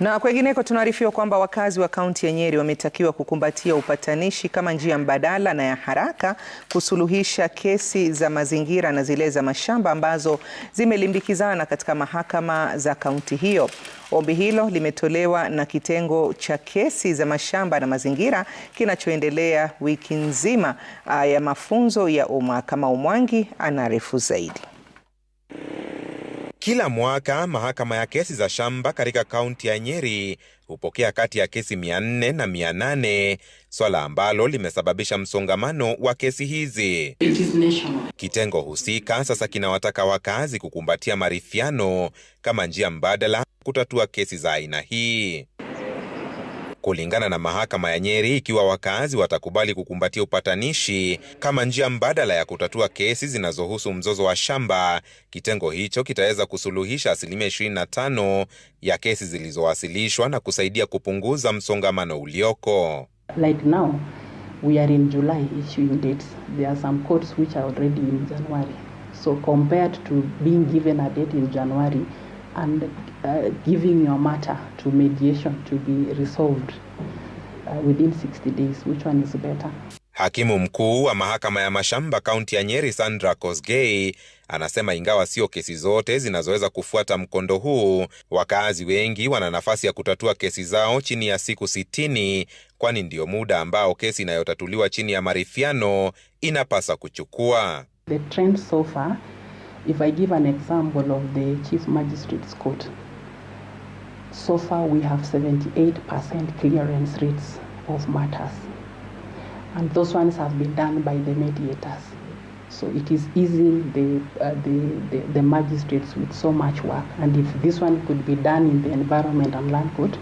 Na kwengineko tunaarifiwa kwamba wakazi wa kaunti ya Nyeri wametakiwa kukumbatia upatanishi kama njia mbadala na ya haraka kusuluhisha kesi za mazingira na zile za mashamba ambazo zimelimbikizana katika mahakama za kaunti hiyo. Ombi hilo limetolewa na kitengo cha kesi za mashamba na mazingira kinachoendelea wiki nzima ya mafunzo ya umma. Kama Umwangi anaarifu zaidi. Kila mwaka mahakama ya kesi za shamba katika kaunti ya Nyeri hupokea kati ya kesi 400 na 800, swala ambalo limesababisha msongamano wa kesi hizi. Kitengo husika sasa kinawataka wakazi kukumbatia maridhiano kama njia mbadala kutatua kesi za aina hii kulingana na mahakama ya Nyeri, ikiwa wakazi watakubali kukumbatia upatanishi kama njia mbadala ya kutatua kesi zinazohusu mzozo wa shamba, kitengo hicho kitaweza kusuluhisha asilimia 25 ya kesi zilizowasilishwa na kusaidia kupunguza msongamano ulioko. Like now we are in July issuing dates. There are some courts which are already in January. So compared to being given a date in January and uh, giving your matter to mediation to be resolved uh, within 60 days which one is better. Hakimu mkuu wa mahakama ya mashamba kaunti ya Nyeri Sandra Kosgei anasema ingawa sio kesi zote zinazoweza kufuata mkondo huu, wakazi wengi wana nafasi ya kutatua kesi zao chini ya siku sitini, kwani ndio muda ambao kesi inayotatuliwa chini ya marifiano inapasa kuchukua. The trend so far If I give an example of the Chief Magistrate's Court, so far we have 78% clearance rates of matters. And those ones have been done by the mediators. So it is easing the, uh, the, the, the, magistrates with so much work. And if this one could be done in the Environment and Land Court,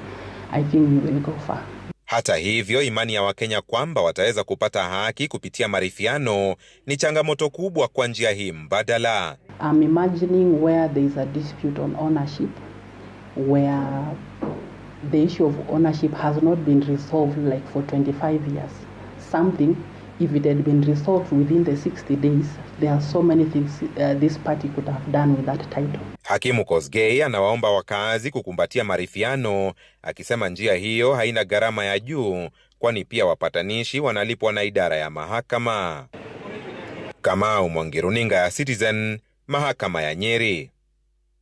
I think we will go far. Hata hivyo, imani ya Wakenya kwamba wataweza kupata haki kupitia maridhiano ni changamoto kubwa kwa njia hii mbadala. The issue of ownership has not been resolved like for 25 years. Something if it had been resolved within the 60 days there are so many things uh, this party could have done with that title. Hakimu Kosgei anawaomba wakazi kukumbatia marifiano akisema njia hiyo haina gharama ya juu kwani pia wapatanishi wanalipwa na idara ya mahakama. Kamau Mwangi, ya Citizen, mahakama ya Nyeri.